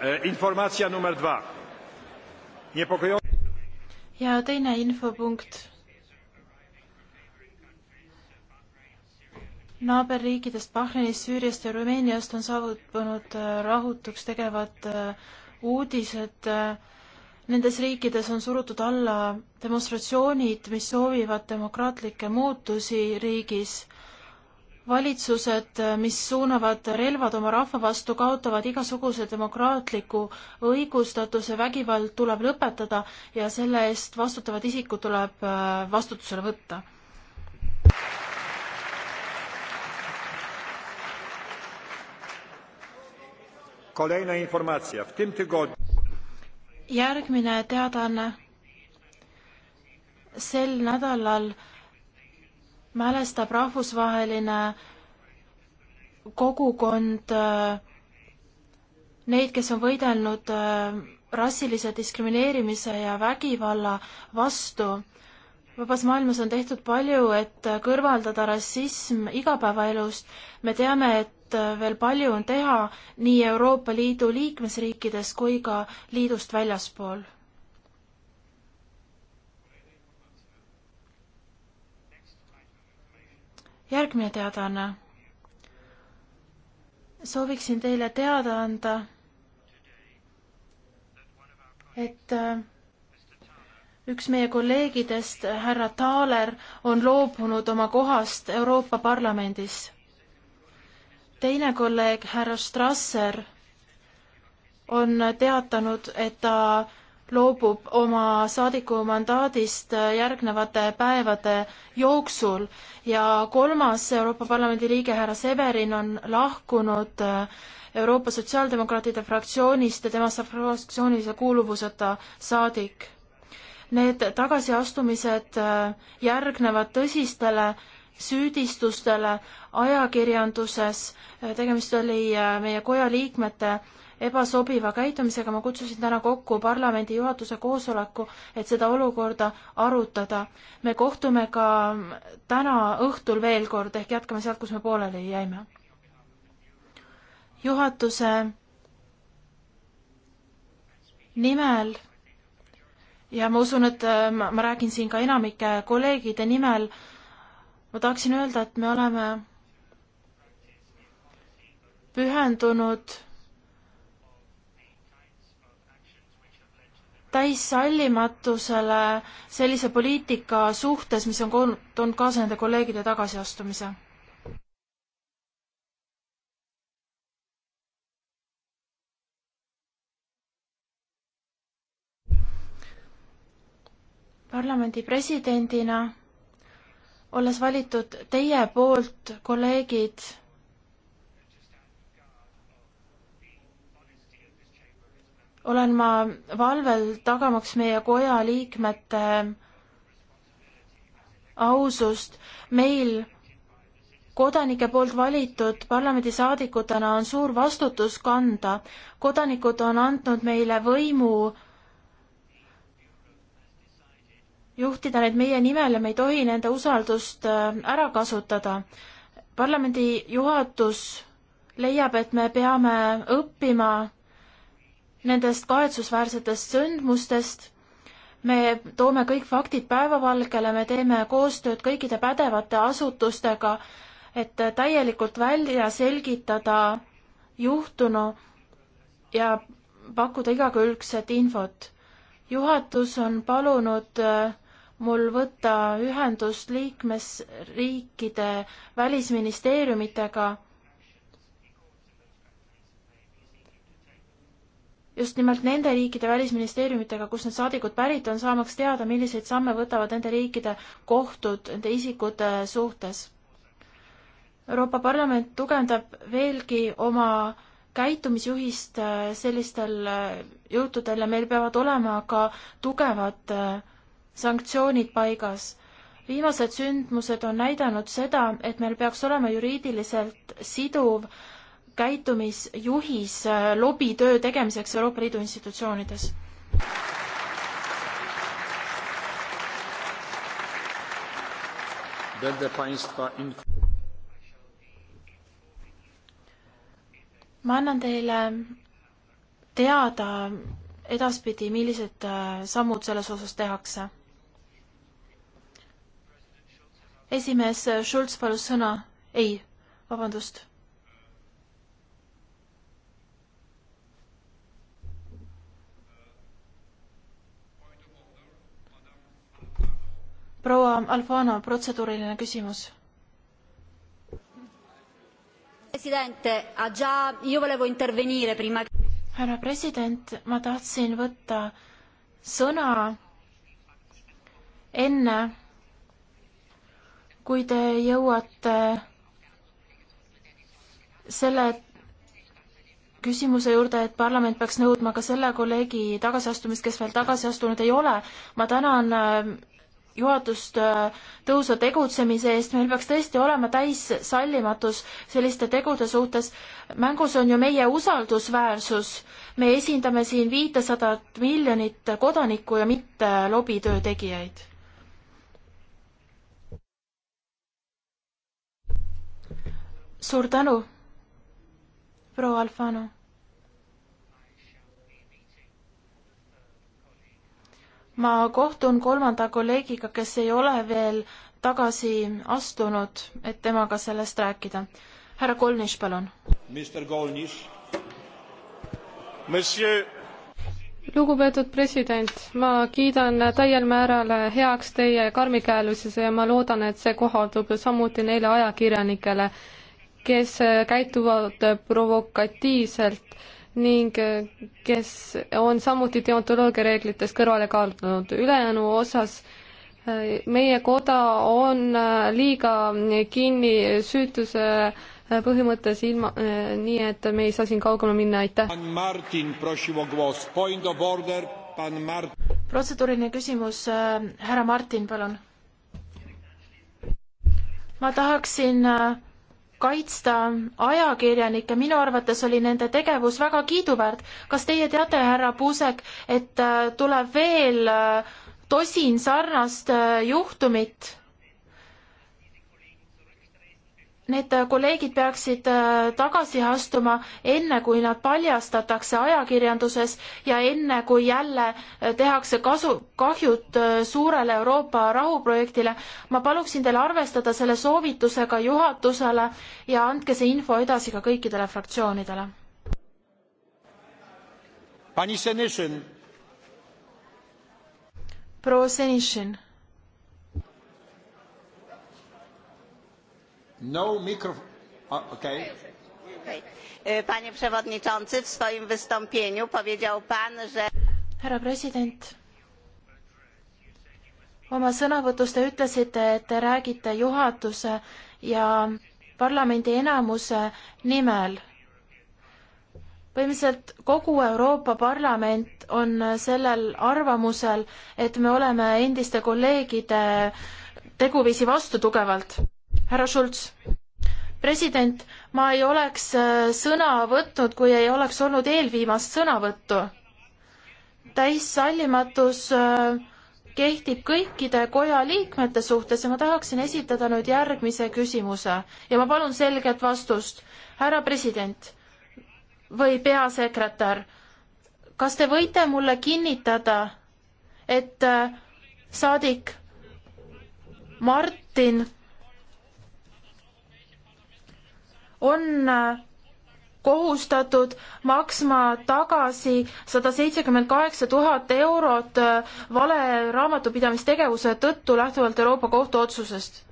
E, informacja numer dwa. Niepokojące. ja teine infopunkt. naaberriikidest Bahrainist, Süüriast ja Rumeeniast on saabunud e, rahutuks tegevad e, uudised. Nendes riikides on surutud alla demonstratsioonid, mis soovivad demokraatlikke muutusi riigis valitsused, mis suunavad relvad oma rahva vastu, kaotavad igasuguse demokraatliku õigustatuse, vägivald tuleb lõpetada ja selle eest vastutavad isikud tuleb äh, vastutusele võtta. järgmine teadaanne. sel nädalal mälestab rahvusvaheline kogukond äh, neid, kes on võidelnud äh, rassilise diskrimineerimise ja vägivalla vastu. vabas maailmas on tehtud palju, et kõrvaldada rassism igapäevaelust. me teame, et äh, veel palju on teha nii Euroopa Liidu liikmesriikides kui ka liidust väljaspool järgmine teadaanne. sooviksin teile teada anda, et äh, üks meie kolleegidest, härra Taaler, on loobunud oma kohast Euroopa Parlamendis. teine kolleeg, härra Strasser, on teatanud, et ta loobub oma saadikumandaadist äh, järgnevate päevade jooksul ja kolmas Euroopa Parlamendi liige härra Severin on lahkunud äh, Euroopa Sotsiaaldemokraatide fraktsioonist ja temast saab fraktsioonilise kuuluvuseta saadik. Need tagasiastumised äh, järgnevad tõsistele süüdistustele ajakirjanduses, tegemist oli meie koja liikmete ebasobiva käitumisega, ma kutsusin täna kokku parlamendi juhatuse koosoleku, et seda olukorda arutada. me kohtume ka täna õhtul veel kord, ehk jätkame sealt, kus me pooleli jäime. juhatuse nimel ja ma usun, et äh, ma, ma räägin siin ka enamike kolleegide nimel, ma tahaksin öelda, et me oleme pühendunud täissallimatusele sellise poliitika suhtes, mis on toonud kaasa nende kolleegide tagasiastumise? parlamendi presidendina, olles valitud teie poolt, kolleegid olen ma valvel tagamaks meie koja liikmete ausust. meil kodanike poolt valitud parlamendisaadikutena on suur vastutus kanda. kodanikud on andnud meile võimu juhtida neid meie nimel ja me ei tohi nende usaldust äh, ära kasutada. parlamendi juhatus leiab, et me peame õppima nendest kahetsusväärsetest sündmustest. me toome kõik faktid päevavalgele, me teeme koostööd kõikide pädevate asutustega, et täielikult välja selgitada juhtunu ja pakkuda igakülgset infot. juhatus on palunud äh, mul võtta ühendust liikmesriikide välisministeeriumitega just nimelt nende riikide välisministeeriumitega, kus need saadikud pärit on, saamaks teada, milliseid samme võtavad nende riikide kohtud nende isikute suhtes. Euroopa Parlament tugevdab veelgi oma käitumisjuhist äh, sellistel äh, juhtudel ja meil peavad olema ka tugevad äh, sanktsioonid paigas. viimased sündmused on näidanud seda, et meil peaks olema juriidiliselt siduv äh, käitumisjuhis äh, lobitöö tegemiseks Euroopa Liidu institutsioonides? ma annan teile teada edaspidi, millised äh, sammud selles osas tehakse. esimees Schulz palus sõna, ei, vabandust proua Alfano, protseduuriline küsimus. härra president, ma tahtsin võtta sõna enne, kui te jõuate selle küsimuse juurde, et parlament peaks nõudma ka selle kolleegi tagasiastumist, kes veel tagasi astunud ei ole. ma tänan juhatust äh, tõusa tegutsemise eest, meil peaks tõesti olema täis sallimatus selliste tegude suhtes. mängus on ju meie usaldusväärsus, me esindame siin viitesadat miljonit kodanikku ja mitte lobitöö tegijaid. suur tänu, proua Alfano ma kohtun kolmanda kolleegiga, kes ei ole veel tagasi astunud, et temaga sellest rääkida. härra Kolnis, palun. lugupeetud president, ma kiidan täiel määral heaks teie karmikäelisuse ja ma loodan, et see kohaldub samuti neile ajakirjanikele, kes käituvad provokatiivselt ning äh, kes on samuti deontoloogia reeglitest kõrvale kaldunud. ülejäänu osas äh, meie koda on äh, liiga kinni süütuse põhimõttes ilma, nii et me ei saa siin kaugemale minna, aitäh. protseduuriline küsimus, härra Martin, palun. ma tahaksin kaitsta ajakirjanikke, minu arvates oli nende tegevus väga kiiduväärt. kas teie teate, härra Puusek, et äh, tuleb veel äh, tosin sarnast äh, juhtumit? need äh, kolleegid peaksid äh, tagasi astuma enne, kui nad paljastatakse ajakirjanduses ja enne, kui jälle äh, tehakse kasu, kahjut suurele Euroopa rahuprojektile. ma paluksin teil arvestada selle soovitusega juhatusele ja andke see info edasi ka kõikidele fraktsioonidele. proua Senišin No microphone. Okay. Okay. E, panie przewodniczący, w swoim wystąpieniu powiedział pan, że härra president, oma sõnavõtus te ütlesite, et te räägite juhatuse ja parlamendi enamuse nimel. põhimõtteliselt kogu Euroopa Parlament on sellel arvamusel, et me oleme endiste kolleegide teguviisi vastu tugevalt härra Schulz president, ma ei oleks äh, sõna võtnud, kui ei oleks olnud eelviimast sõnavõttu. täissallimatus äh, kehtib kõikide koja liikmete suhtes ja ma tahaksin esitada nüüd järgmise küsimuse ja ma palun selget vastust. härra president või peasekretär, kas te võite mulle kinnitada, et äh, saadik Martin on äh, kohustatud maksma tagasi sada seitsekümmend kaheksa tuhat eurot äh, vale raamatupidamistegevuse tõttu lähtuvalt Euroopa Kohtu otsusest.